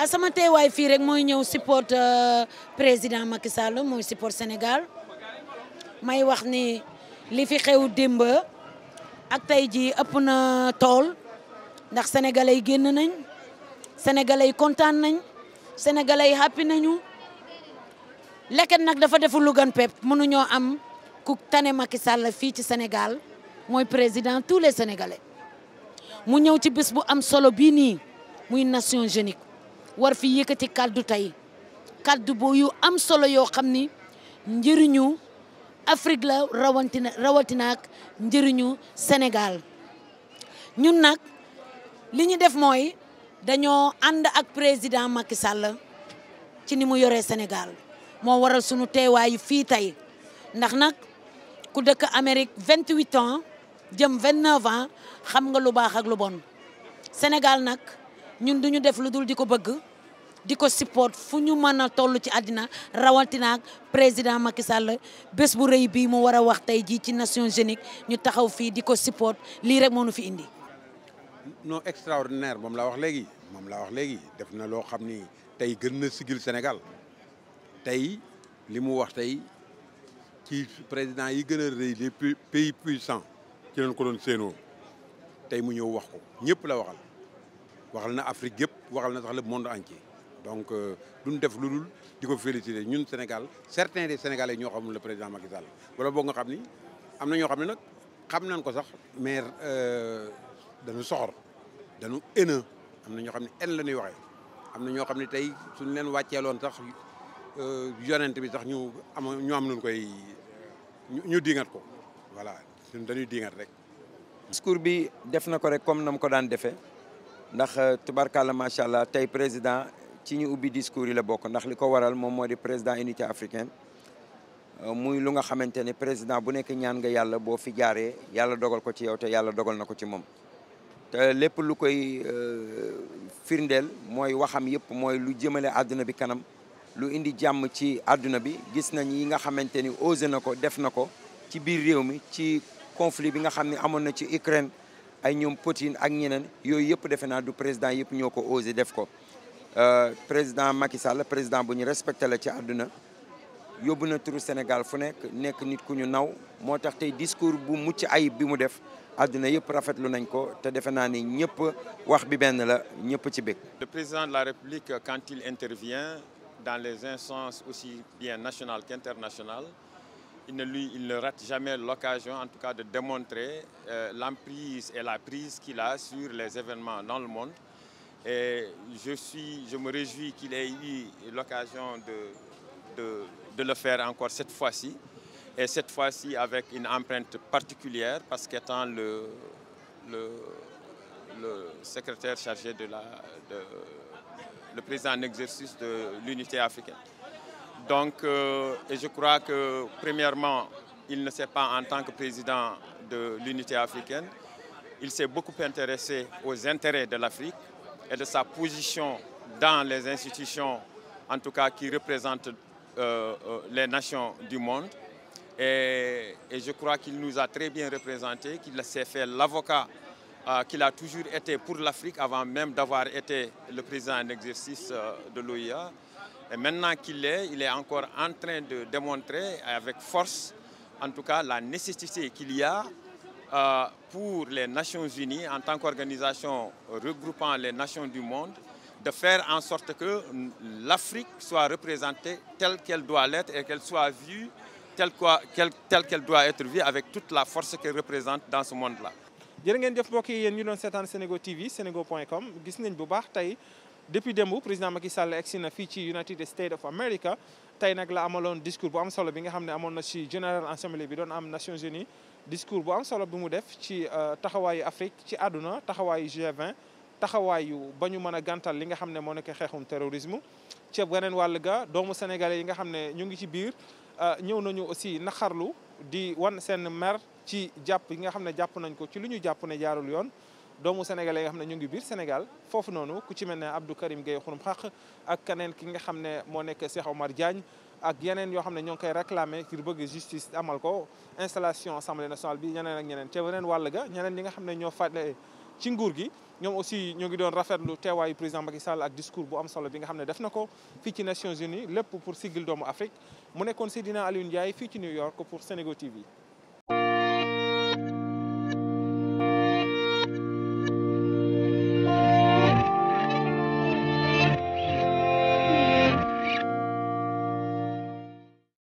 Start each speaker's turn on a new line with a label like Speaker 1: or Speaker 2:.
Speaker 1: Ah, sama teewaay fii rek mooy ñëw support euh, président Macky Sall mooy support Sénégal may wax ni li fi xew démb ak tey jii ëpp na tool ndax sénégalais yi génn nañ sénégalais yi kontaan nañ sénégalais yi happy nañu leket nag dafa defu lugan pep mënuñoo am ku tane Macky Sall fii ci Sénégal mooy président tous les sénégalais mu ñëw ci bés bu am solo bii nii muy nation jeunique war fi yëkkati kàddu tey kàddu boo yu am solo yoo xam ni njëriñu Afrique la rawatina njëriñu Sénégal ñun nag li ñu def mooy dañoo ànd ak président Macky Sall ci ni mu yoree Sénégal moo waral sunu teewaayu fii tey ndax nag ku dëkk Amérique vingt-huit ans jëm vingt-neuf ans xam nga lu baax ak lu bon Sénégal nag ñun duñu def lu dul di ko bëgg di ko support fu ñu mën a toll ci àddina rawatina ak président Macky Sall bés bu rëy bii mu war a wax tey jii ci Nations Unies ñu taxaw fii di ko support lii rek moo nu fi indi.
Speaker 2: non extraordinaire moom la wax léegi moom laa wax léegi def na loo xam ni tey gën na sigil Sénégal tey li mu wax tey ci président yi gën a rëy les pays puissants ci lañ ko doon séenoo tey mu ñëw wax ko ñëpp la waxal waxal na Afrique yëpp waxal na sax le monde entier. donc euh, duñ def lu dul di ko féliciter ñun Sénégal certains des sénégale ñoo xamul le président Macky wala boog nga xam ni am na ñoo xam ne nag xam nañ ko sax mais euh, dañu soxor dañu haineux am na ñoo xam ne haine la ñuy waxee am na ñoo xam ne tey suñ leen wàcceeloon sax euh, yonent bi sax ñu am ñu am nuñ koy ñu dingat ko voilà ñun dañuy diingat rek.
Speaker 3: discours bi def na ko rek comme na mu ko daan defee ndax tubarkalla macha allah tey président. ci ñu ubbi discours yi la bokk ndax li ko waral moom moo di président unité africaine euh, muy lu nga xamante ne président bu nekk ñaan nga yàlla boo fi jaaree yàlla dogal ko ci yow te yàlla dogal na ko ci moom te lépp lu koy euh, firndeel mooy waxam yëpp mooy lu jëmale àdduna bi kanam lu indi jàmm ci àdduna bi gis nañ yi nga xamante ni osé na ko def na ko ci biir réew mi ci conflit bi nga xam ne amoon na ci Ukraine ay ñoom Poutine ak ñeneen yooyu yëpp defe naa du président yëpp ñoo ko osé def ko Euh, président Macky Sall président bu ñu respecté la ci àdduna yóbbu na turu Sénégal fu nekk nekk nit ku ñu naw moo tax tey discours bu mucc ayib bi mu def àdduna yëpp rafetlu nañ ko te defe naa ni ñëpp wax bi benn la ñëpp ci bég
Speaker 4: le président de la République quand il intervient dans les instances aussi bien nationales qu'internationales il ne lui il ne rate jamais l'occasion en tout cas de démontrer euh, l'emprise et la prise qu'il a sur les événements dans le monde Et je, suis, je me réjouis qu'il ait eu l'occasion de, de, de, le faire encore cette fois-ci. Et cette fois-ci avec une empreinte particulière parce qu'étant le, le, le, secrétaire chargé de la... De, le président en exercice de l'unité africaine. Donc, euh, et je crois que premièrement, il ne s'est pas en tant que président de l'unité africaine, il s'est beaucoup intéressé aux intérêts de l'Afrique, et de sa position dans les institutions, en tout cas qui représentent euh, euh les nations du monde. Et, je crois qu'il nous a très bien représentés, qu'il s'est fait l'avocat euh, qu'il a toujours été pour l'Afrique avant même d'avoir été le président en exercice euh, de l'OIA. Et maintenant qu'il l'est, il est encore en train de démontrer avec force, en tout cas, la nécessité qu'il y a Euh, pour les Nations Unies en tant qu'organisation regroupant les nations du monde de faire en sorte que l'Afrique soit représentée telle qu'elle doit l'être et qu'elle soit vue telle qu'elle telle qu'elle doit être vue avec toute la force qu'elle représente dans ce
Speaker 5: monde-là. jërë ngeen jëf mbokk yi yéen TV senego.com gis nañ bu baax tey depuis démb président Macky Sall egsi na fii ci United States of America tey nag la amaloon discours bu am solo bi nga xam ne amoon na ci General Assembly bi doon am Nations Unies discours bu am solo bi mu def ci euh, taxawaayu Afrique ci àdduna taxawaayu g taxawaayu ba ñu mën a gàntal li nga xam ne moo nekk xeexum terrorisme ci beneen wàll ga doomu sénégalais yi nga xam ne ñu ngi ci biir euh, ñëw nañu aussi naxarlu di wan seen mer ci jàpp yi nga xam ne jàpp nañ ko ci lu ñu jàpp ne yoon doomu sénégalais yi nga xam ne ñu ngi biir Sénégal foofu noonu ku ci mel ne Abdou Karim Gueye xurum xaq ak keneen ki nga xam ne moo nekk Cheikh Omar Diagne ak yeneen yoo xam ne ñoo ngi koy réclamé ngir bëgg justice amal ko installation assemblée nationale bi ñeneen ak ñeneen ca beneen wàll ga ñeneen ñi nga xam ne ñoo fàle ci nguur gi ñoom aussi ñoo ngi doon rafetlu teewaayu président Macky Sall ak discours bu am solo bi nga xam ne def na ko fii ci Nations Unies lépp pour sigil doomu Afrique mu nekkoon Seydina Aliou Ndiaye fii ci New York pour Sénégo TV